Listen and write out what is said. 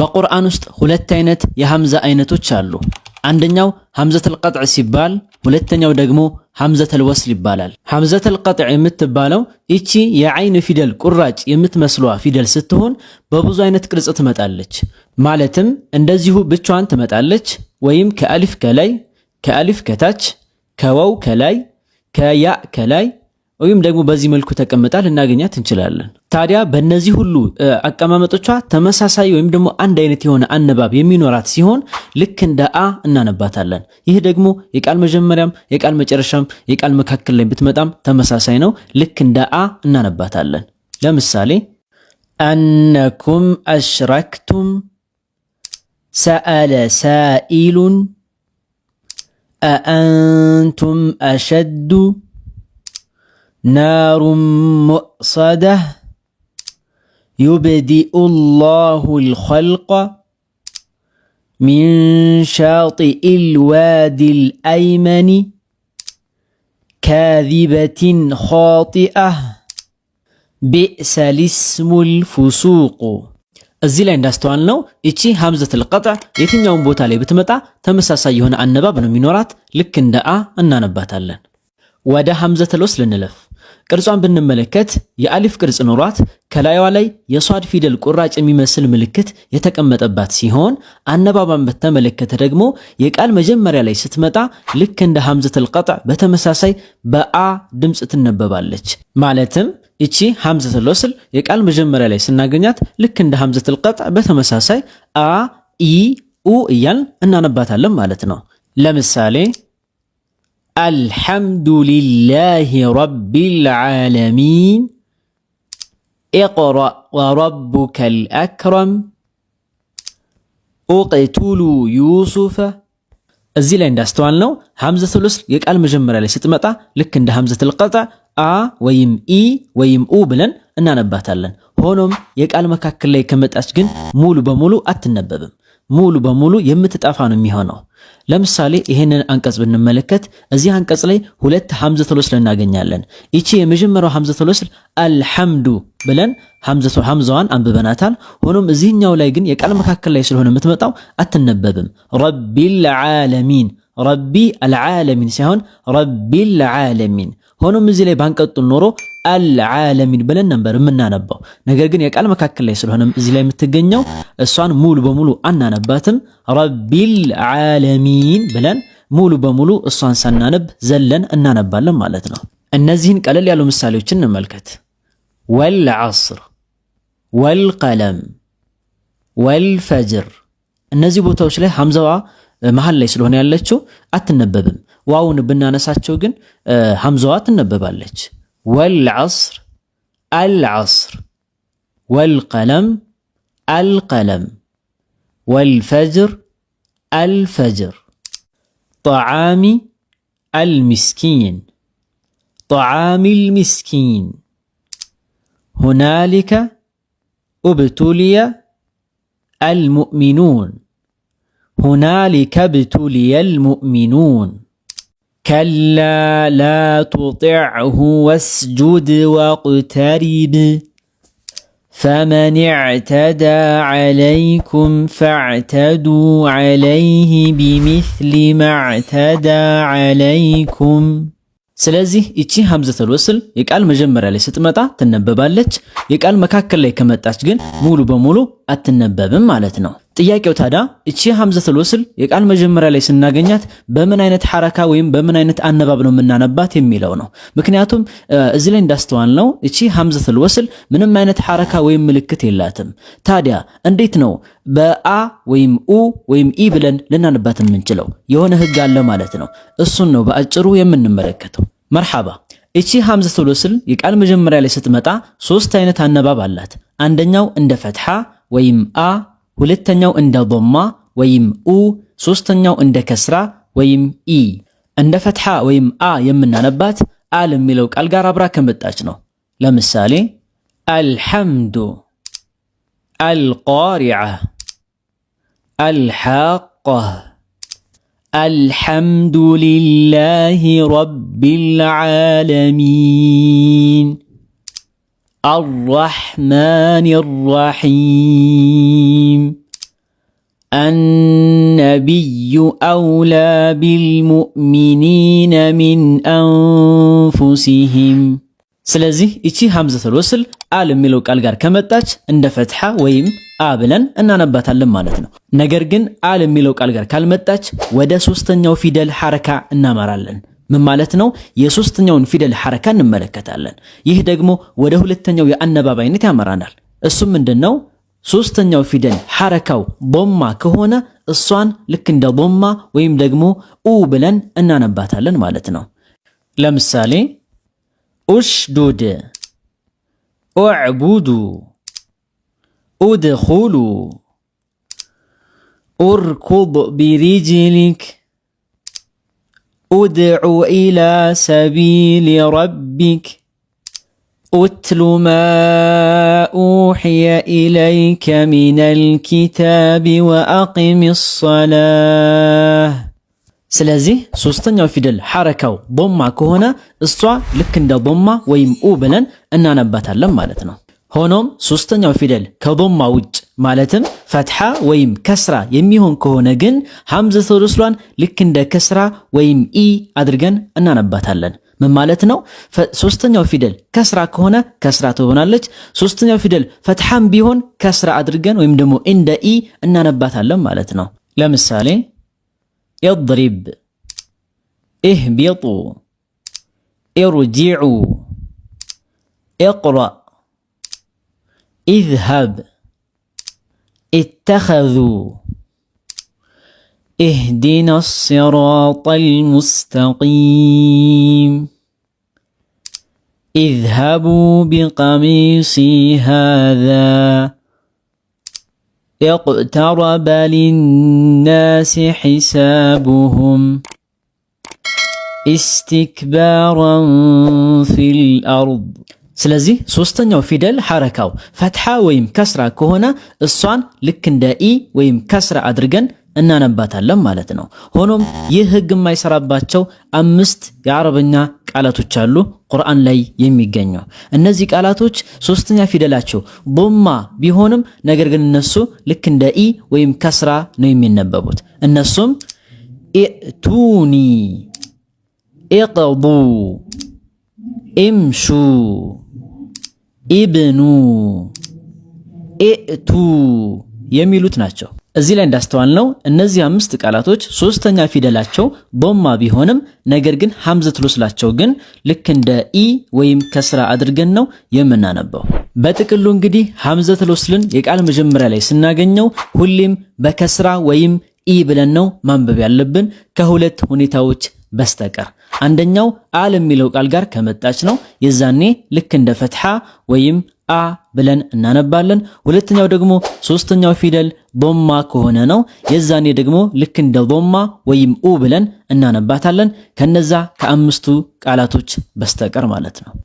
በቁርአን ውስጥ ሁለት አይነት የሐምዛ አይነቶች አሉ። አንደኛው ሐምዘተል ቀጥዕ ሲባል ሁለተኛው ደግሞ ሐምዘተል ወስል ይባላል። ሐምዘተል ቀጥዕ የምትባለው ይቺ የዓይን ፊደል ቁራጭ የምትመስሏ ፊደል ስትሆን በብዙ አይነት ቅርጽ ትመጣለች። ማለትም እንደዚሁ ብቻዋን ትመጣለች፣ ወይም ከአሊፍ ከላይ፣ ከአሊፍ ከታች፣ ከዋው ከላይ፣ ከያ ከላይ ወይም ደግሞ በዚህ መልኩ ተቀምጣ ልናገኛት እንችላለን። ታዲያ በእነዚህ ሁሉ አቀማመጦቿ ተመሳሳይ ወይም ደግሞ አንድ አይነት የሆነ አነባብ የሚኖራት ሲሆን ልክ እንደ አ እናነባታለን። ይህ ደግሞ የቃል መጀመሪያም የቃል መጨረሻም የቃል መካከል ላይ ብትመጣም ተመሳሳይ ነው። ልክ እንደ አ እናነባታለን። ለምሳሌ አነኩም አሽረክቱም፣ ሰአለ ሳኢሉን፣ አአንቱም አሸዱ نار مؤصدة يبدئ الله الخلق من شاطئ الوادي الأيمن كاذبة خاطئة بئس الاسم الفسوق እዚህ ላይ እንዳስተዋልነው ይቺ ሀምዘቱል ቀጥዕ የትኛውን ቦታ ላይ ብትመጣ ተመሳሳይ የሆነ አነባብ ነው የሚኖራት። ልክ እንደ አ እናነባታለን። ወደ ሀምዘቱል ወስል እንለፍ። ቅርጿን ብንመለከት የአሊፍ ቅርጽ ኖሯት ከላይዋ ላይ የሷድ ፊደል ቁራጭ የሚመስል ምልክት የተቀመጠባት ሲሆን አነባባን በተመለከተ ደግሞ የቃል መጀመሪያ ላይ ስትመጣ ልክ እንደ ሐምዘተል ቀጥዕ በተመሳሳይ በአ ድምፅ ትነበባለች። ማለትም እቺ ሐምዘተል ወስል የቃል መጀመሪያ ላይ ስናገኛት ልክ እንደ ሐምዘተል ቀጥዕ በተመሳሳይ አ ኢ ኡ እያል እናነባታለን ማለት ነው። ለምሳሌ الحمد لله رب العالمين اقرأ وربك الأكرم اقتلوا يوسف الزيلة عند استوالنا همزة الأسر يك المجمرة لستمتع لكن ده همزة القطع ا ويم اي ويم او بلن انا نباتلن هونم يك المكاك اللي كمت اسجن مولو بمولو اتنببم ሙሉ በሙሉ የምትጠፋ ነው የሚሆነው። ለምሳሌ ይሄንን አንቀጽ ብንመለከት እዚህ አንቀጽ ላይ ሁለት ሐምዘቱል ወስል እናገኛለን። ይቺ የመጀመሪያው ሐምዘቱል ወስል አልሐምዱ ብለን ሐምዘቱ ሐምዛዋን አንብበናታል። ሆኖም እዚህኛው ላይ ግን የቃል መካከል ላይ ስለሆነ የምትመጣው አትነበብም። ረቢል ዓለሚን ረቢ አልዓለሚን ሳይሆን ረቢል ዓለሚን ሆኖም እዚህ ላይ ባንቀጡን ኖሮ አልዓለሚን ብለን ነበር የምናነባው። ነገር ግን የቃል መካከል ላይ ስለሆነ እዚህ ላይ የምትገኘው እሷን ሙሉ በሙሉ አናነባትም። ረቢል ዓለሚን ብለን ሙሉ በሙሉ እሷን ሳናነብ ዘለን እናነባለን ማለት ነው። እነዚህን ቀለል ያሉ ምሳሌዎችን እንመልከት። ወልዐስር፣ ወልቀለም፣ ወልፈጅር እነዚህ ቦታዎች ላይ ሐምዛዋ መሀል ላይ ስለሆነ ያለችው አትነበብም። ዋውን ብናነሳቸው ግን ሐምዛዋ ትነበባለች። ወልዐስር አልዐስር፣ ወልቀለም አልቀለም፣ ወልፈጅር አልፈጅር፣ ጠዓሚ አልምስኪን ጠዓሚ አልምስኪን፣ ሁናሊከ ኡብቱልየ አልሙእሚኑን ሁናሊከ ብቱልየል ሙእሚኑን ከላ ላ ቱጢዕሁ ወስጁድ ወቅተሪብ ፈመን ዕተዳ ዓለይኩም ፈዕተዱ ዓለይህ ቢሚስሊ ማዕተዳ ዓለይኩም። ስለዚህ ይቺ ሀምዘተል ወስል የቃል መጀመሪያ ላይ ስትመጣ ትነበባለች። የቃል መካከል ላይ ከመጣች ግን ሙሉ በሙሉ አትነበብም ማለት ነው። ጥያቄው ታዲያ እቺ ሐምዘቱል ወስል የቃል መጀመሪያ ላይ ስናገኛት በምን አይነት ሐረካ ወይም በምን አይነት አነባብ ነው የምናነባት የሚለው ነው። ምክንያቱም እዚህ ላይ እንዳስተዋል ነው እቺ ሐምዘቱል ወስል ምንም አይነት ሐረካ ወይም ምልክት የላትም። ታዲያ እንዴት ነው በአ ወይም ኡ ወይም ኢ ብለን ልናነባት የምንችለው? የሆነ ህግ አለ ማለት ነው። እሱን ነው በአጭሩ የምንመለከተው። መርሐባ እቺ ሐምዘቱል ወስል የቃል መጀመሪያ ላይ ስትመጣ ሶስት አይነት አነባብ አላት። አንደኛው እንደ ፈትሐ ወይም አ ሁለተኛው እንደ ዶማ ወይም ኡ፣ ሶስተኛው እንደ ከስራ ወይም ኢ። እንደ ፈትሓ ወይም አ የምናነባት አል የሚለው ቃል ጋር አብራ ከመጣች ነው። ለምሳሌ አልሐምዱ፣ አልቃሪዐ፣ አልሓቀ፣ አልሐምዱ ሊላሂ ረቢል ዓለሚን الرحمن الرحيم النبي አውላ بالمؤمنين من አንፉሲሂም። ስለዚህ ይቺ ሐምዘተል ወስል አል የሚለው ቃል ጋር ከመጣች እንደ ፈትሐ ወይም አ ብለን እናነባታለን ማለት ነው። ነገር ግን አል የሚለው ቃል ጋር ካልመጣች ወደ ሶስተኛው ፊደል ሐረካ እናመራለን። ምን ማለት ነው? የሶስተኛውን ፊደል ሐረካ እንመለከታለን። ይህ ደግሞ ወደ ሁለተኛው የአነባብ አይነት ያመራናል። እሱም ምንድን ነው? ሶስተኛው ፊደል ሐረካው ቦማ ከሆነ እሷን ልክ እንደ ቦማ ወይም ደግሞ ኡ ብለን እናነባታለን ማለት ነው። ለምሳሌ ኡሽዱድ፣ ኡዕቡዱ፣ ኡድኹሉ፣ ኡርኩብ ቢሪጅሊክ ادع الى سبيل ربك اتل ما اوحي اليك من الكتاب واقم الصلاه سلازي سوستن يو فيدل حركه ضمك هنا استوى لك ضمه ويم اوبلا ان نبات باتا لما لتنو. ሆኖም ሶስተኛው ፊደል ከዶማ ውጭ ማለትም ፈትሐ ወይም ከስራ የሚሆን ከሆነ ግን ሐምዘተል ወስሏን ልክ እንደ ከስራ ወይም ኢ አድርገን እናነባታለን። ምን ማለት ነው? ሶስተኛው ፊደል ከስራ ከሆነ ከስራ ትሆናለች። ሶስተኛው ፊደል ፈትሐም ቢሆን ከስራ አድርገን ወይም ደግሞ እንደ ኢ እናነባታለን ማለት ነው። ለምሳሌ ኢድሪብ፣ ኢህቢጡ፣ ኢርጂዑ፣ ኢቅረእ اذهب اتخذوا اهدنا الصراط المستقيم اذهبوا بقميصي هذا اقترب للناس حسابهم استكبارا في الارض ስለዚህ ሶስተኛው ፊደል ሐረካው ፈትሃ ወይም ከስራ ከሆነ እሷን ልክ እንደ ኢ ወይም ከስራ አድርገን እናነባታለን ማለት ነው። ሆኖም ይህ ህግ የማይሰራባቸው አምስት የአረበኛ ቃላቶች አሉ ቁርአን ላይ የሚገኘው። እነዚህ ቃላቶች ሶስተኛ ፊደላቸው ቦማ ቢሆንም ነገር ግን እነሱ ልክ እንደ ኢ ወይም ከስራ ነው የሚነበቡት። እነሱም ኢቱኒ፣ ኢቅቡ፣ ኢምሹ ኢብኑ፣ ኢእቱ የሚሉት ናቸው። እዚህ ላይ እንዳስተዋልነው እነዚህ አምስት ቃላቶች ሶስተኛ ፊደላቸው ቦማ ቢሆንም ነገር ግን ሐምዘት ሉስላቸው ግን ልክ እንደ ኢ ወይም ከስራ አድርገን ነው የምናነበው። በጥቅሉ እንግዲህ ሐምዘት ሉስልን የቃል መጀመሪያ ላይ ስናገኘው ሁሌም በከስራ ወይም ኢ ብለን ነው ማንበብ ያለብን ከሁለት ሁኔታዎች በስተቀር አንደኛው አል የሚለው ቃል ጋር ከመጣች ነው። የዛኔ ልክ እንደ ፈትሃ ወይም አ ብለን እናነባለን። ሁለተኛው ደግሞ ሶስተኛው ፊደል ቦማ ከሆነ ነው። የዛኔ ደግሞ ልክ እንደ ቦማ ወይም ኡ ብለን እናነባታለን። ከነዛ ከአምስቱ ቃላቶች በስተቀር ማለት ነው።